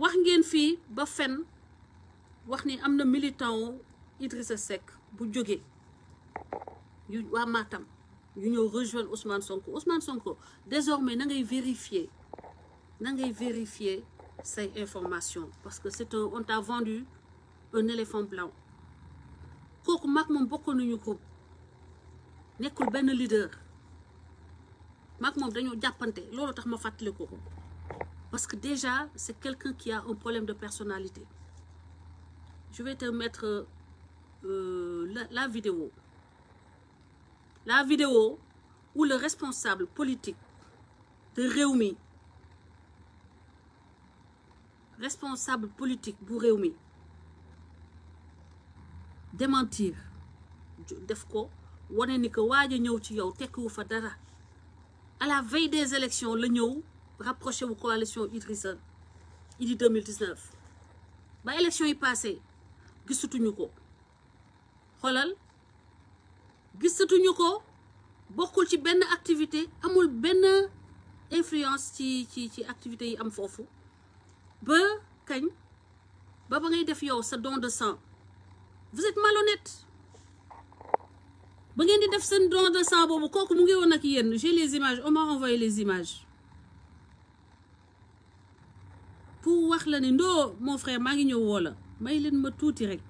wax ngeen fii ba fen wax ni am na militant wu a Seck bu jóge yu waa Matam yu ñëw rejoindre Ousmane Sonko Ousmane Sonko désormais na ngay vérifier na ngay vérifier say information parce que c'est un on t'a vendu un éléphant blanc kooku mag moom bokkoon nañu groupe nekkul benn leader mag moom dañoo jàppante loolu tax ma fàttali ko. Parce que déjà, c'est quelqu'un qui a un problème de personnalité. Je vais te mettre euh, la, vidéo. La vidéo où le responsable politique de Réumi, responsable politique bu Réumi, démentir def ko wane ni que waaj a ñëw ci yow tekkiwu fa dara à la veille des élections la ñëw. rapproché wu coalition Idrissa Idi 2019 ba élection yi passé gisatuñu ko xoolal gisatuñu ko bokkul ci benn activité amul benn influence ci ci ci activité yi am foofu ba kañ ba ba ngay def yow sa don de san vous êtes malhonnête ba ngeen di def seen don de sang boobu kooku mu ngi woon ak yéen j'ai les images on m'a envoyé les images pour wax la ne ndoo mon frère maa ngi ñëw woo la may leen ma tuuti rek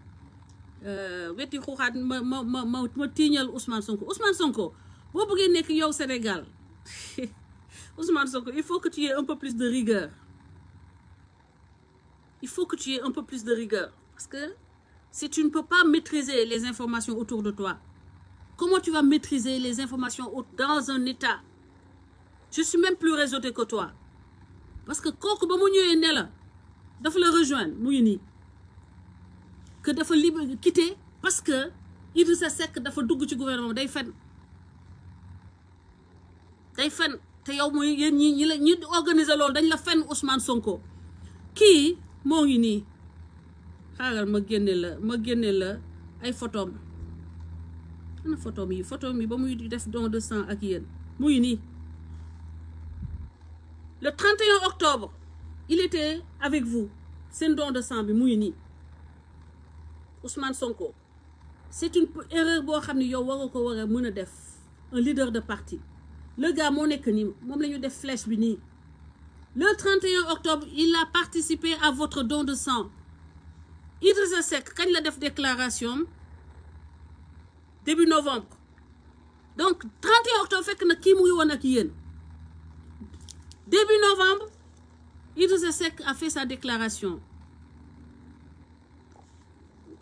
euh, wetti xuuxaat ma ma ma ma ma tiiñal Ousmane Sonko Ousmane Sonko boo bëggee nekk yow Sénégal Ousmane Sonko il faut que tu aies un peu plus de rigueur il faut que tu aies un peu plus de rigueur parce que si tu ne peux pas maîtriser les informations autour de toi comment tu vas maîtriser les informations dans un état je suis même plus réseauté que toi parce que kooku ba mu ñëwee ne la dafa la rejoindre mu nii que dafa libre quitter parce que sa Seck dafa dugg ci gouvernement day fen day fen te yow mooy yéen ñi ñi la ñi organiser loolu dañ la fenn Ousmane Sonko kii moo ngi nii xaaral ma génne la ma génne la ay photom ana photom yi photom yi ba muy def don de sang ak yéen muy nii le 31 octobre il était avec vous seen don de sang bi mu ngi nii Ousmane Sonko c'est une erreur boo xam ni yow waroo ko war mën a def un leader de parti le gars moo nekk nii moom la ñu def flèche bi nii le 31 octobre il a participé à votre don de sang Idrissa Seck kañ la def déclaration début novembre donc 31 octobre fekk na kii mu ngi woon ak yéen Début novembre, Idrissa Seck a fait sa déclaration.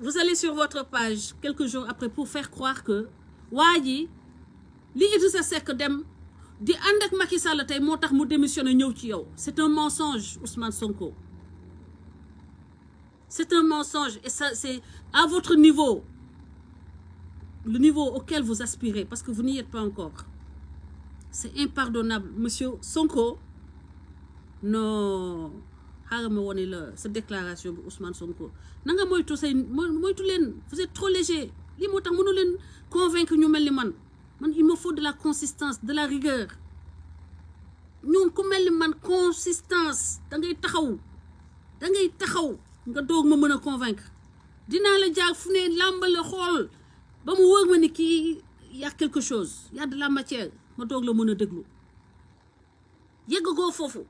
Vous allez sur votre page quelques jours après pour faire croire que waa ji li Idrissa Seck dem di ànd ak Macky Sall tey moo tax mu démissionné ñëw ci yow c'est un mensonge Ousmane Sonko c'est un mensonge et ça c'est à votre niveau le niveau auquel vous aspirez parce que vous n'y êtes pas encore c'est impardonnable monsieur Sonko non xaaral ma wone la sa déclaration bi Ousmane Sonko na nga moytu say moytu leen vous êtes trop léger lii moo tax mënu leen convaincre ñu mel ni man man il me faut de la consistance de la rigueur ñu ku mel ni man consistance da ngay taxaw da ngay taxaw nga doog ma mën a convaincre dinaa la jaar fu ne làmbal la xool ba mu wër ma ni kii y a chose y la matière ma doog la mën a déglu yegg goo foofu.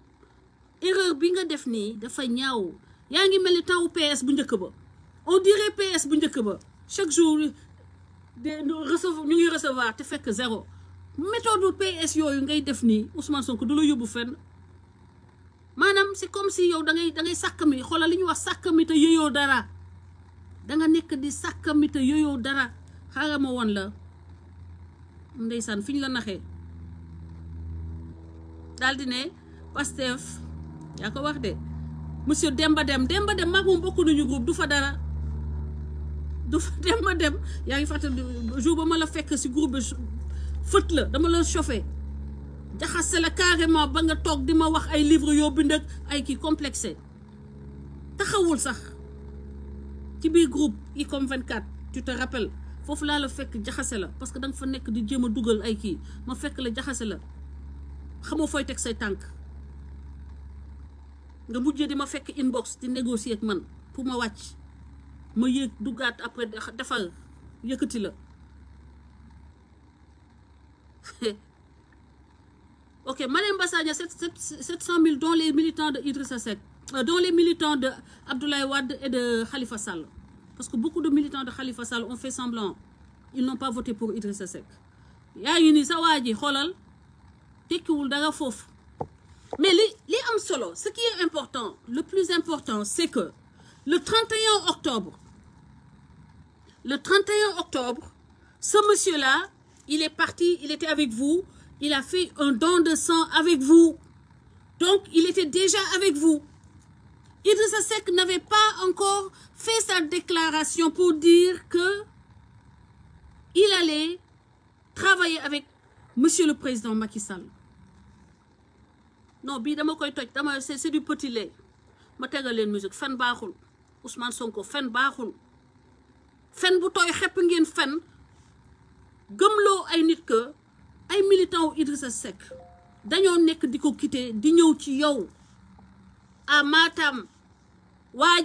erreur bi nga def nii dafa ñaaw yaa ngi mel ni taw PS bu njëkk ba on dirait PS bu njëkk ba chaque jour de recevoir ñu ngi recevoir te fekk zéro méthode PS yooyu ngay def nii Ousmane Sonko du la yóbbu fenn maanaam c'est comme si yow da ngay da ngay sàkk mi xoolal li ñuy wax sàkk mi te yëyoo dara da nga nekk di sàkk mi te yëyoo dara xaaral ma woon la ndeysaan fiñ la naxee daldi di ne Pastef yaa ko wax de monsieur Demba Dem Demba Dem mag moom bokk nañu groupe du fa dara du fa Demba Dem yaa ngi fàttali jour ba ma la fekk si groupe bi fët la dama la chauffé jaxase la carrément ba nga toog di ma wax ay livre yoo bind ak ay kii complexé taxawul sax ci biir groupe ICOM 24 tu te rappelles foofu laa la fekk jaxase la parce que da fa nekk di jéem a dugal ay kii ma fekk la jaxase la xamoo fooy teg say tànk. nga mujjee di ma fekk inbox di négocier ak man pour ma wàcc ma yéeg duggaat après defal yëkkati la ok Marième Bassa Dia sept sept cent mille dont les militants de Idrissa a euh, dont les militants de Abdoulaye et de Khalifa Sall parce que beaucoup de militants de Khalifa Sall ont fait semblant ils n'ont pas voté pour Idrissa Seck yaa ngi ni sa waa ji xoolal tekkiwul dara foofu mais li li am solo ce qui est important le plus important c'est que le 31 octobre le 31 octobre ce monsieur-là il est parti il était avec vous il a fait un don de sang avec vous donc il était déjà avec vous Idrissa Seck n'avait pas encore fait sa déclaration pour dire que il allait travailler avec monsieur le président Macky Sall non bii dama koy toj dama c'est du petit lait ma tegal leen musique fen baaxul Ousmane Sonko fen baaxul fen bu tooy xepp ngeen fen gëmloo ay nit que ay militant wu Idrissa Seck dañoo nekk di ko quitter di ñëw ci yow à Matam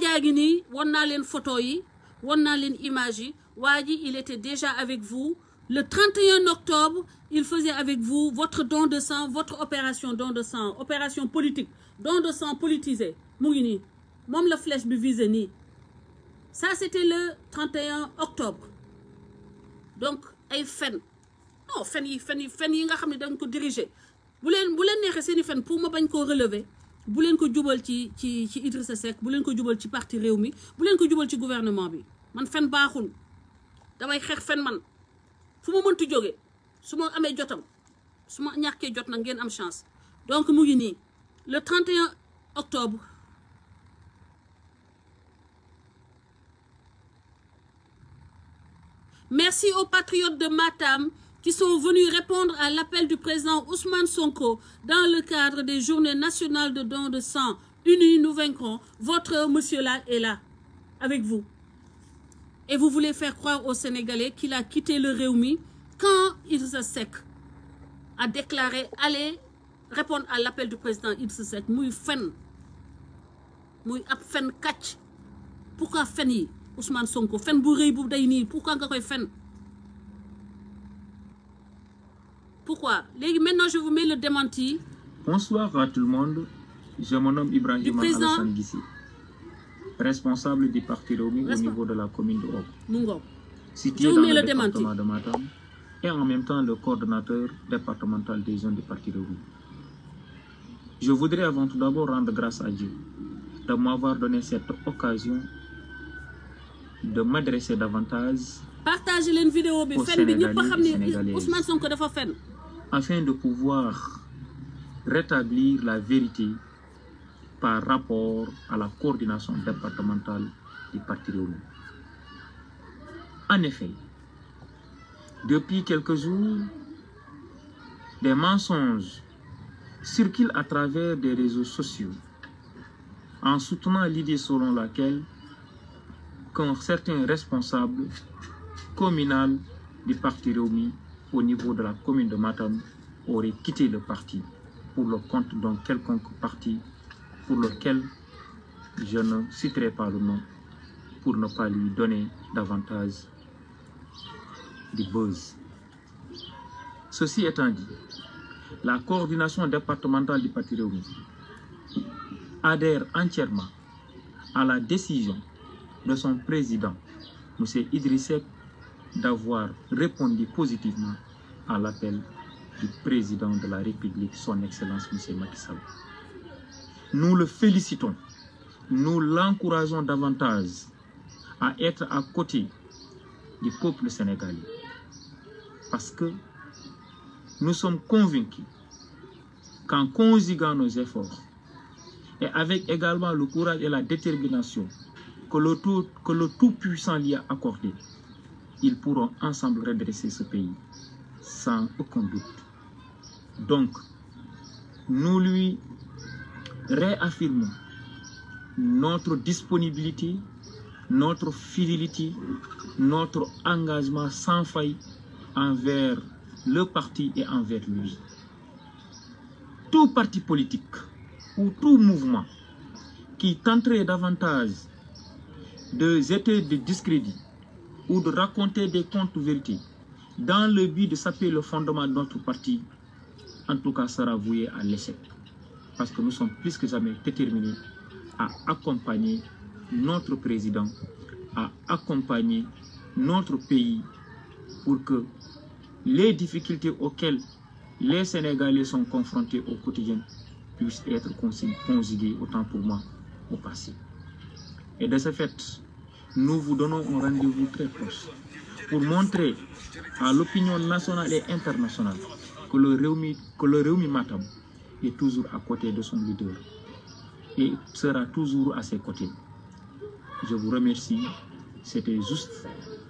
jaa ngi nii won naa leen photo yi won naa leen image yi waa ji il était déjà avec vous Le 31 octobre, il faisait avec vous votre don de sang, votre opération don de sang, opération politique, don de sang politisé. Mouini, mom la flèche du visé sa c'était le 31 octobre. Donc, ay fen. Non, fen yi, fen yi, fen yi nga xamni dañ ko diriger. Bu leen bu len neexee seeni fen pour ma bañ koo relever. Bu leen ko jubal ci ci ci Idrissa Seck, bu leen ko jubal ci parti réew mi bu leen ko jubal ci gouvernement bi. Man fen baaxul Damay xex fen man. fu mu mënti jógee su ma amee jotam su ma ñàkkee jot nag ngeen am chance donc mu ngi nii le 31 octobre merci aux patriotes de Matam qui sont venus répondre à l'appel du président Ousmane Sonko dans le cadre des journées nationales de dons de sang unis nous vaincrons votre monsieur là est là avec vous Et vous voulez faire croire aux Sénégalais qu'il a quitté le Réumi quand Idrissa Seck a déclaré aller répondre à l'appel du président Idrissa Seck muy fen muy ab fen kàcc pourquoi fen yi Ousmane Sonko fen bu rëy bu day nii pourquoi nga koy fen pourquoi léegi maintenant je vous mets le démenti. bonsoir à tout le monde je me nomme Ibrahima Alassane Guissé responsable du parti Réwmi au niveau de la commune de Hope. mu ngoog situé dans le département de Matam et en même temps le coordonnateur départemental des jeunes du parti Réwmi. Je voudrais avant tout d'abord rendre grâce à Dieu de m'avoir donné cette occasion de m'adresser davantage. Partagez leen vidéo bi fen bi ñëpp xam ne la vérité. par rapport à la coordination départementale du Parti Réuni. En effet, depuis quelques jours, des mensonges circulent à travers des réseaux sociaux en soutenant l'idée selon laquelle qu'un certain responsable communal du parti Réumi au niveau de la commune de Matam aurait quitté le parti pour le compte d'un quelconque parti pour lequel je ne citerai pas le nom pour ne pas lui donner davantage de buzz. Ceci étant dit, la coordination départementale du Parti Réuni adhère entièrement à la décision de son président, M. Idrissek, d'avoir répondu positivement à l'appel du président de la République, son Excellence M. Macky Sall. Nous le félicitons. Nous l'encourageons davantage à être à côté du peuple sénégalais. Parce que nous sommes convaincus qu'en conjuguant nos efforts et avec également le courage et la détermination que le, tout, que le Tout-Puissant lui a accordé, ils pourront ensemble redresser ce pays sans aucun doute. Donc, nous lui réaffirmons notre disponibilité, notre fidélité, notre engagement sans faille envers le parti et envers lui. Tout parti politique ou tout mouvement qui tenterait davantage de jeter des discrédits ou de raconter des contre vérités dans le but de saper le fondement de notre parti, en tout cas sera voué à parce que nous sommes plus que jamais déterminés à accompagner notre président, à accompagner notre pays pour que les difficultés auxquelles les Sénégalais sont confrontés au quotidien puissent être conjuguées, autant pour moi, au passé. Et de ce fait, nous vous donnons un rendez-vous très proche pour montrer à l'opinion nationale et internationale que le Réumi, que est toujours à côté de son leader et sera toujours à ses côté Je vous remercie. C'était juste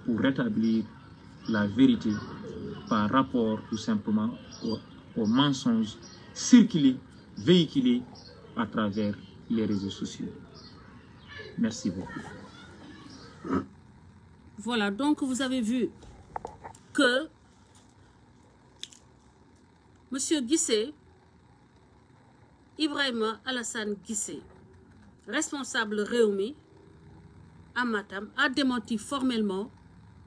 pour rétablir la vérité par rapport tout simplement aux, mensonges circulés, véhiculés à travers les réseaux sociaux. Ibrahima Alassane Guissé responsable Rewmi à Matam a démenti formellement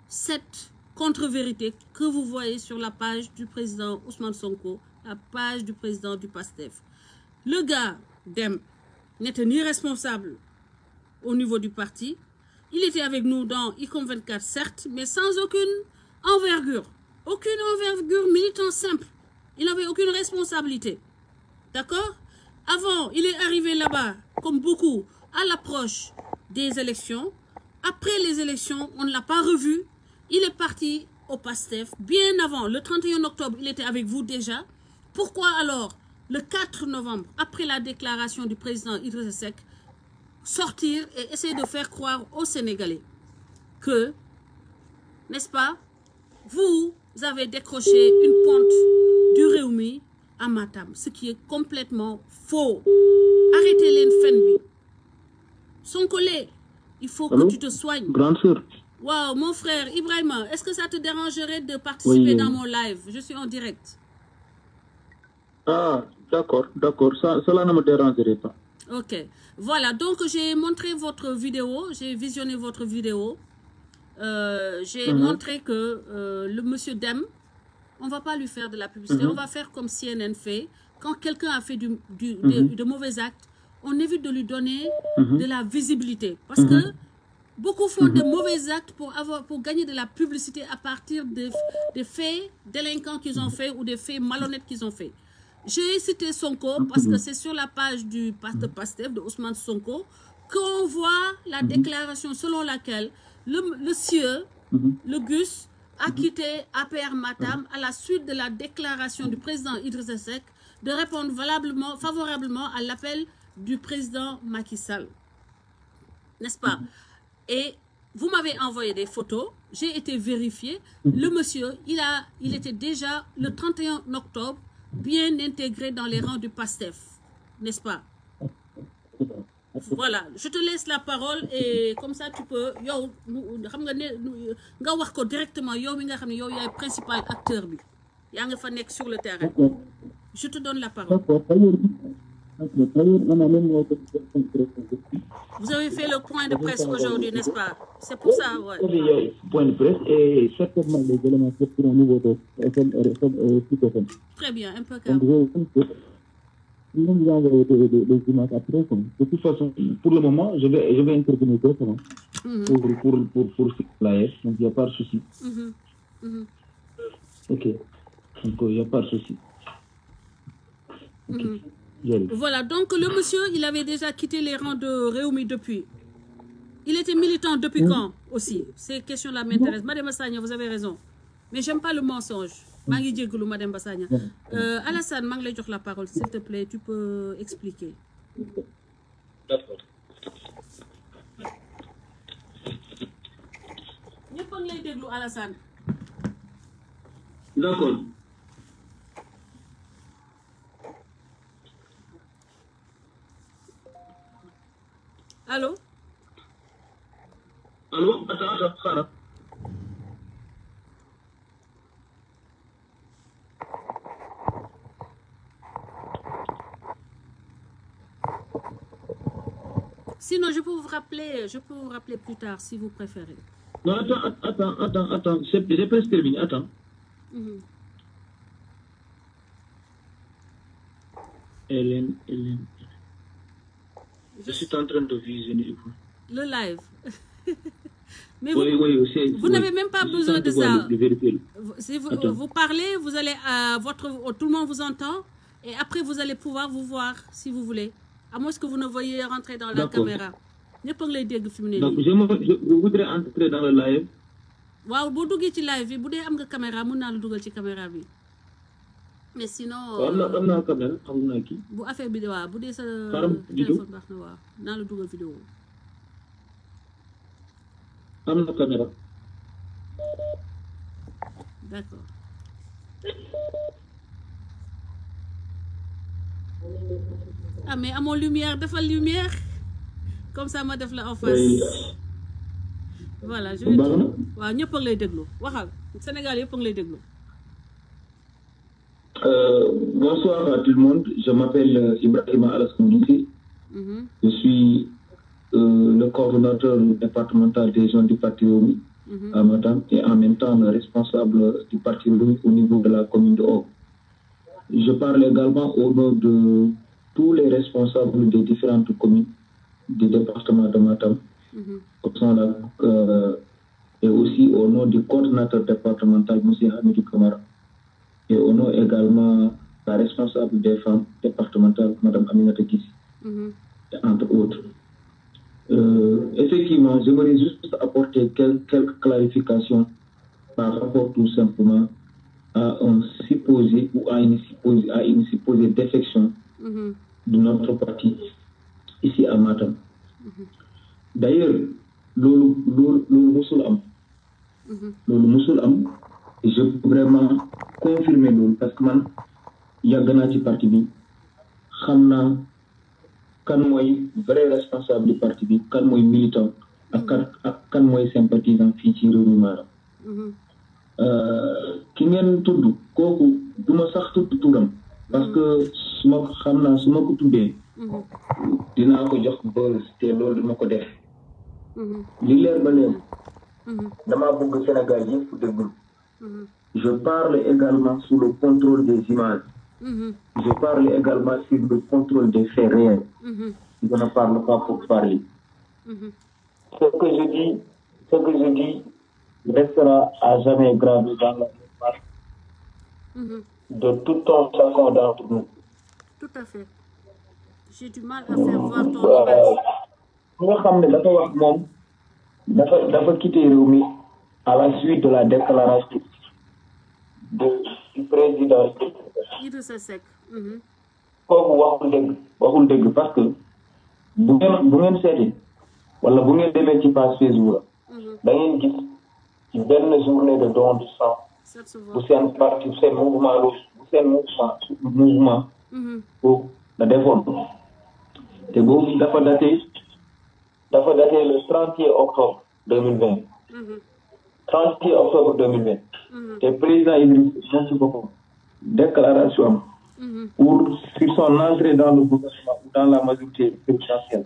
cette contre-vérité que vous voyez sur la page du président Ousmane Sonko la page du président du PASTEF le gars Deme n'était ni responsable au niveau du parti il était avec nous dans certes mais sans aucune envergure aucune envergure militant simple il n'avait aucune responsabilité d'accord Avant, il est arrivé là-bas, comme beaucoup, à l'approche des élections. Après les élections, on ne l'a pas revu. Il est parti au PASTEF bien avant. Le 31 octobre, il était avec vous déjà. Pourquoi alors, le 4 novembre, après la déclaration du président Idrissa Seck, sortir et essayer de faire croire au Sénégalais que, n'est-ce pas, vous avez décroché une ponte du à Matam ce qui est complètement faux arrêtez leen fen bi Sonko lee il faut Allô? que tu te soignes grande sœur waaw mon frère Ibrahima est-ce que ça te dérangerait de participer oui. dans mon live je suis en direct ah d'accord d'accord ça cela ne me dérangerait pas ok voilà donc j'ai montré votre vidéo j'ai visionné votre vidéo euh, j'ai mm -hmm. montré que euh, le monsieur Deme on va pas lui faire de la publicité. Mm -hmm. On va faire comme CNN fait. Quand quelqu'un a fait du, du mm -hmm. de, de, mauvais actes, on évite de lui donner mm -hmm. de la visibilité. Parce mhm. que beaucoup font de mhm. mauvais actes pour, avoir, pour gagner de la publicité à partir des, des faits délinquants qu'ils ont mhm. fait ou des faits malhonnêtes qu'ils ont fait. J'ai cité Sonko parce que c'est sur la page du pasteur Pastef de Ousmane Sonko qu'on voit la déclaration selon laquelle le, le CIE, le GUS, a à APR Matam à la suite de la déclaration du président Idrissa Seck de répondre valablement, favorablement à l'appel du président Macky Sall. N'est-ce pas Et vous m'avez envoyé des photos, j'ai été vérifié. Le monsieur, il, a, il était déjà le 31 octobre bien intégré dans les rangs du PASTEF, n'est-ce pas voilà je te laisse la parole et comme ça tu peux yow xam nga ne nga wax ko directement yow mi nga xam ne yow yaay principal acteur bi yaa nga fa nekk sur le terrain je te donne la parole Vous avez fait le point de presse aujourd'hui, n'est-ce pas C'est pour ça, ouais. point de presse et certainement les éléments seront nouveaux. Très bien, impeccable. même vous avez des, des, des images après. Comme. De toute façon, pour le moment, je vais, je vais intervenir directement mm -hmm. pour, pour, pour, pour l'AF, donc il n'y a pas de souci. Mm -hmm. Mm -hmm. Ok, donc il n'y a pas de souci. Okay. Mhm. Voilà, donc le monsieur, il avait déjà quitté les rangs de Réumi depuis. Il était militant depuis quand aussi Ces questions-là m'intéressent. Madame Astagna, vous avez raison. Mais j'aime pas le mensonge. maa ngi jéggalu madame Bassagna euh, Alassane maa ngi lay jox la parole s'il te plaît tu peux expliquer. d'accord. lay déglu Alassane. d'accord. sinon, je peux vous rappeler, je peux vous rappeler plus tard si vous préférez. Non, attends, attends, attends, attends. J'ai presque terminé, attends. Mm -hmm. Hélène, Hélène. Je... je... suis en train de visionner. Le live. Mais oui, vous, oui, vous n'avez même pas besoin de ça. De, de si vous, vous, parlez, vous allez à votre, tout le monde vous entend, et après vous allez pouvoir vous voir si vous voulez. à moins que vous ne voyez a lay dégg waaw boo duggee ci live bu dee am nga caméra mun naa dugal ci caméra bi. na am naa caméra am bu affaire bi de bu dee sa. téléphone baax waaw naa la dugal vidéo. am na caméra. d'accord. ah mais lumière defal lumière comme ça ma def la en voilà je vais waaw ñëpp lay déglu waxal Sénégal yëpp a lay déglu. Euh, bonsoir à tout le monde je m'appelle euh, Ibrahima Alaskoundoussi. Mhm. je suis euh, le coordonnateur départemental des jeunes du parti Rewmi. Mhm. à et en même temps le responsable du parti Rewmi au niveau de la commune de Hoh. Je parle également au nom de tous les responsables des différentes communes du département de Matam. Mm aussi au nom du coordinateur départemental, M. Hamidou Kamara. Et au nom également la responsable des femmes départementales, Mme Aminata Kissi, mhm. entre autres. Euh, effectivement, j'aimerais juste apporter quelques clarifications par rapport tout simplement à euh, un supposé ou à une supposée, à une supposée défection mm -hmm. de notre parti ici à Matam. Mm-hmm. D'ailleurs, loolu loolu loolu am. Mm-hmm. loolu musul am je vraiment confirmer loolu parce que man yàgg naa ci parti bi xam naa kan mooy vrai responsable du parti bi kan mooy militant ak kan mooy sympathisant fii ci réew Euh, ki ngeen tudd kooku du ma sax tudd turam parce que su ma ko xam naa su ma ko tuddee dinaa ko jox bës te loolu duma ko def li leer ba leen dama bëgg Sénégal yëpp déglu je parle également sous le contrôle des images je parle également sur le contrôle des faits réels je ne parle pas pour parler ce que je dis ce que je dis restera à jamais gravé dans la mémoire mm de tout un chacun d'entre nous. nga xam ne dafa wax moom dafa dafa quitté mi à la suite de la déclaration de du président mhm. kooku waxul dëgg waxul dëgg parce que bu ngeen bu wala bu ngeen demee ci page mhm. gis. ci benn journée de don du sang bu seen parti bu seen mouvement bu seen mouvement mouvement boobu mhm. la defoon te boobu dafa daté dafa daté le 30 octobre 2020 30 mhm. octobre 2020 mhm. te président Idriss moom si déclaration pour sur son entrée dans le gouvernement dans la majorité présidentielle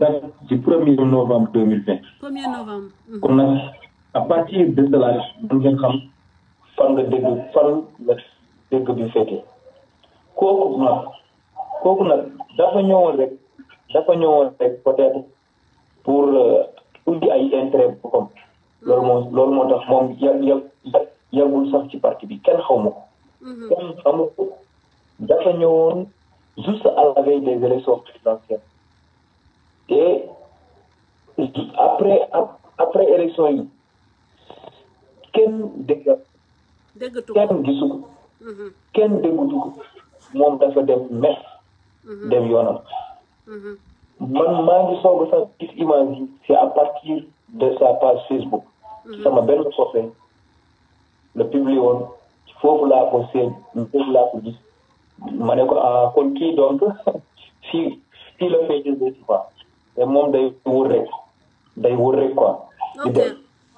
date ci premier novembre deux mille vingt. premier novembre. Mhm. kon nag à partir de là mën xam fan la dégg fan la dégg bi fekkee kooku nag kooku nag dafa ñëwoon rek dafa ñëwoon rek peut pour undi euh, ay intérêt boppam loolu moo loolu moo tax moom yàgg sax ci parti bi kenn xaw ma mhm. dafa ñëwoon juste à la veille des élections présidentielles. te après après élection yi kenn dégg ko kenn gisu ko mhm. kenn déggatu ko moom dafa dem mer mhm. dem yoonam mhm. man maa ngi soog a sax gis à partir de sa page Facebook sama benn soppe la publié woon foofu laa ko seen foofu laa ko gis ma ah, kon kii donc si fii la fee moom day wër rek day wër rek quoi. ok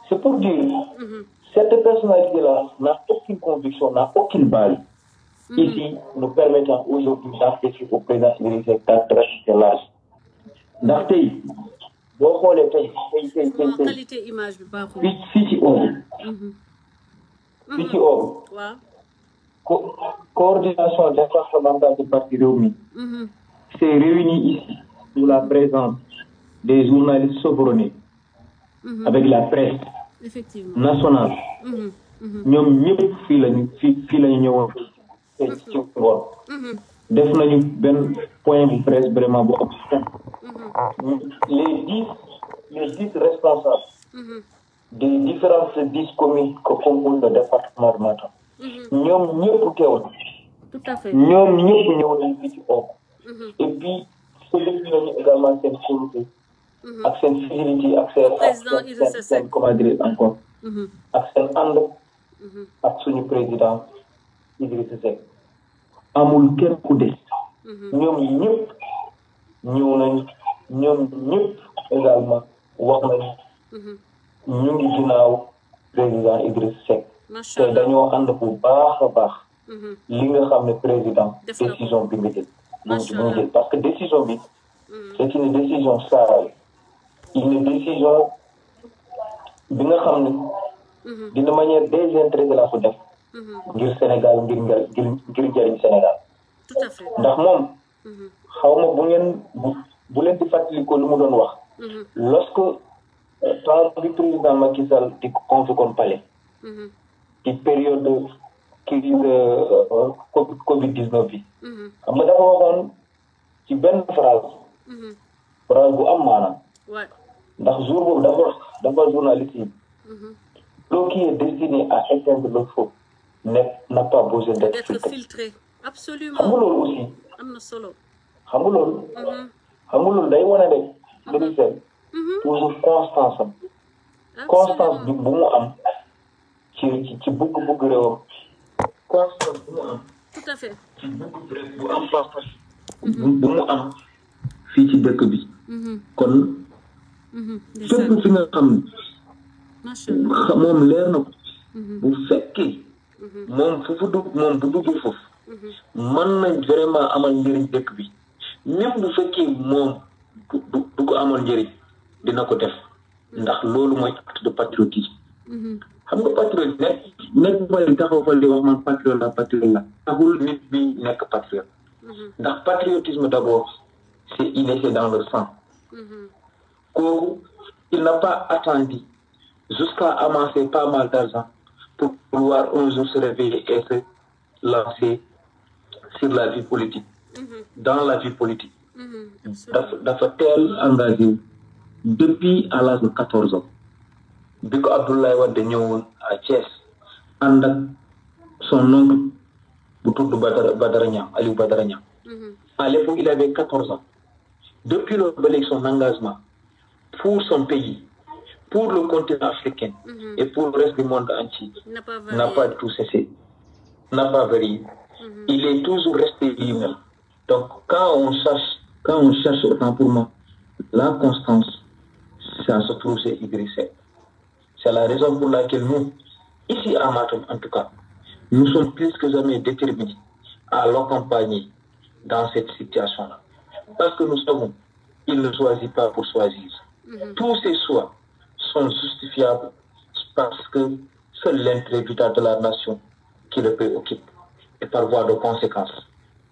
c' est pour dire. Mm -hmm. cette personnalité là n'a aucune conviction n'a aucune base. Mm -hmm. ici nous permettant aujourd'hui d'arriver au président Idrissa Seck dans très large. ndax tey boo xoolee tey tey tey tey tey qualité image bi baaxul fii fii ci ooru. Mhm. fii ci mhm. ooru. waaw. co coordination départementale du parti Rewmi. s'est mhm. réunie ici sous la présence. des journalistes chevronnés mmh. avec la presse nationale mhm. Mhm. ñoom ñëpp fii lañu fii lañu ñëwoon ci mhm. def nañu benn point de presse vraiment bu am les dix responsables des différentes dix communes que compose de Matam ñoom ñoom ñëpp ñëw Mm-hmm. ak seen civilité ak seen. président Idrissa Seck comment dire encore. Mm-hmm. ak seen ànd. Mm-hmm. ak suñu président Idrissa Seck. amul kenn ku des. ñoom ñëpp ñëw nañ ñoom ñëpp également wax nañ. ñu ngi ginnaaw président Idrissa Seck. macha allah te dañoo bu baax a baax. li nga xam ne président. décision bi parce que décision bi. c'est une décision saa une décision bi nga xam mhm. ne dina manière désintéressée la ko def mhm. ngir Sénégal ngir ngir ngir Sénégal ndax moom mhm. xaw ma bu ngeen bu leen di fàttalikoo lu mu doon wax lorsque euh, temps bi président Macky ki di convoqué kon palais ci période crise euh, Covid 19 bi xam dafa waxoon ci benn phrase phrase bu am maanaam ndax jour boobu dafa dafa journaliste yi l'eau qui est destinée à éteindre le feu n'a pas besoin d'être filtrée absolument xam nga loolu aussi am na solo xam nga loolu mhm. xam nga loolu day mhm. mhm. constance constance bi bu am ci ci ci bëgg-bëgg constance bu am tout am fii ci dëkk bi kon fépp mhm, fi nga xam moom leer na mhm. bu fekkee mhm. moom fu dugg moom bu duggee foofu mën nañ vraiment amal njëriñ dëkk bi même bu fekkee moom du du amal njëriñ dina ko def ndax loolu mooy acte de patriotisme xam nga patriote nekk nekk bari taxaw fa di wax man patriote la patriote la taxul nit nekk patriote ndax patriotisme d'abord c'est dans le sang kooku il n'a pas attendu jusqu'à amasser pas mal d'argent pour pouvoir un jour se réveiller et se sur la vie politique mm-hmm. dans la vie politique mm-hmm. dafa dafa teel depuis à l'âge quatorze ans bi ko Abdoulaye Wade ñëwoon à Thiès ànd ak son oncle bu tudd Badara Badara Niang Aliou Badara Niang mm-hmm. à l'époque il avait quatorze ans depuis loolu ba léegi son engagement pour son pays, pour le continent africain mhm. et pour le reste du monde entier n'a pas tout cessé, n'a pas varié. Mhm. Il est toujours resté lui Donc quand on cherche, quand on cherche autant pour moi, la constance, ça se trouve chez C'est la raison pour laquelle nous, ici à Matum en tout cas, nous sommes plus que jamais déterminés à l'accompagner dans cette situation-là. Parce que nous savons, il ne choisit pas pour choisir. Mmh. Tous ces choix sont justifiables parce que c'est l'intérêt de la nation qui le préoccupe. Et par voie de conséquence,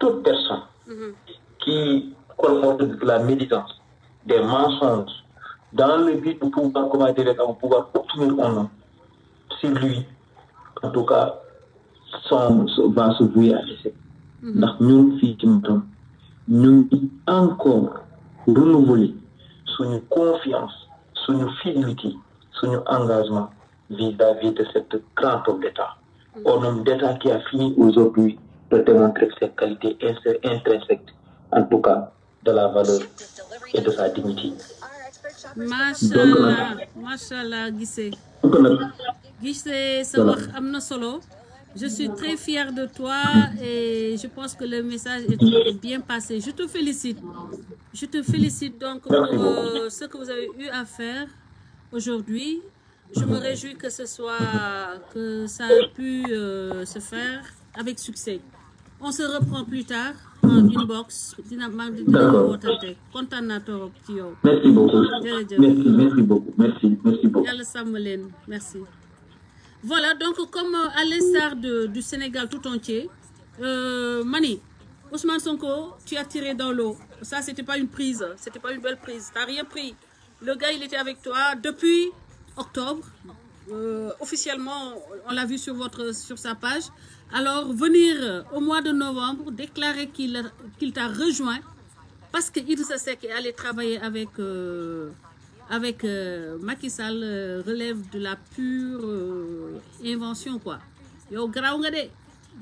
toute personne mm-hmm. qui colporte de la militance, des mensonges, dans le but de pouvoir, comment dire, de si lui, en tout cas, son, va se vouer à l'essai. Mm-hmm. ndax ñun fii ci Matam encore renouveler suñu confiance suñu fidélité suñu engagement vis-à-vis de cette grande homme d'État mm-hmm. un homme d'État qui a fini aujourd'hui de démontrer ses qualités intrinsèques en tout cas de la valeur et de sa dignité masha Allah masha sa wax am na solo Je suis très fière de toi et je pense que le message est bien passé. Je te félicite. Je te félicite donc pour euh, ce que vous avez eu à faire aujourd'hui. Je me réjouis que ce soit, que ça a pu euh, se faire avec succès. On se reprend plus tard en inbox. Dina ma dina ma wootante kontaan naa torop ci yow. Merci beaucoup. Jërëjëf. Merci, merci beaucoup. Merci, merci beaucoup. Yàlla sàmm leen. Merci. voilà donc comme euh, à l'instar du Sénégal tout entier euh, Mani Ousmane Sonko tu as tiré dans l'eau ça c'était pas une prise c'était pas une belle prise t'as rien pris le gars il était avec toi depuis octobre euh, officiellement on l'a vu sur votre sur sa page alors venir euh, au mois de novembre déclarer qu'il qu'il t'a rejoint parce que Idrissa Seck est allé travailler avec euh, avec euh, Macky Sall euh, relève de la pure euh, invention quoi yow garaaw nga de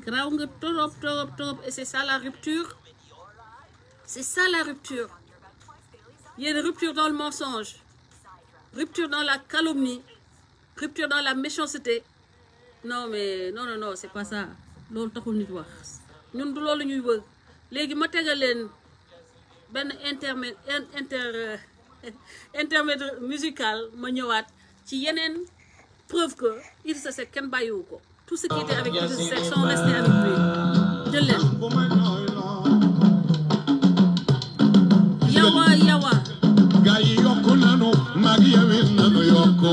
garaaw nga torop torop torop et c'est ça la rupture c'est ça la rupture il rupture dans le mensonge rupture dans la calomnie rupture dans la méchanceté non mais non non non c'est pas ça loolu taxul nit wax ñun du loolu ñuy wër léegi ma tegal leen benn interme inter euh, intermède musical ma ñëwaat ci yeneen preuve kenn bàyyiwu ko tout ce qui était yawa yawa gaa yi yokku nanu mag ya wér nanu yokku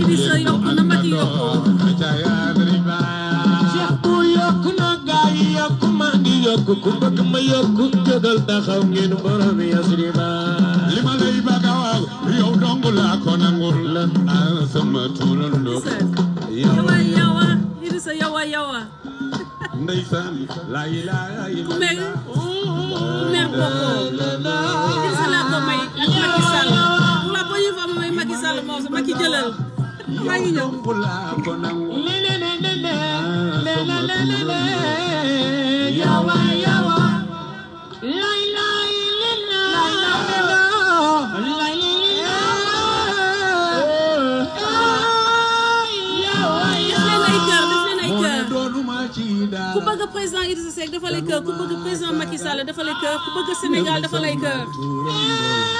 Idrissa yokku na mag yokku ku bëgg ma yokku jógal taxaw ngeen borom yasriba kula kona ngula an sama tulundo yawa yawa irisa yawa yawa ndeysaan la ilaha illallah mer boko irisa la ko may ak Macky Sall la oh, ko yu fa may Macky Sall mo sa maa ngi ñëw yawa yawa président Idrissa Seck dafa lay kër ku bëgg président Macky dafa lay kër ku bëgg Sénégal dafa lay kër.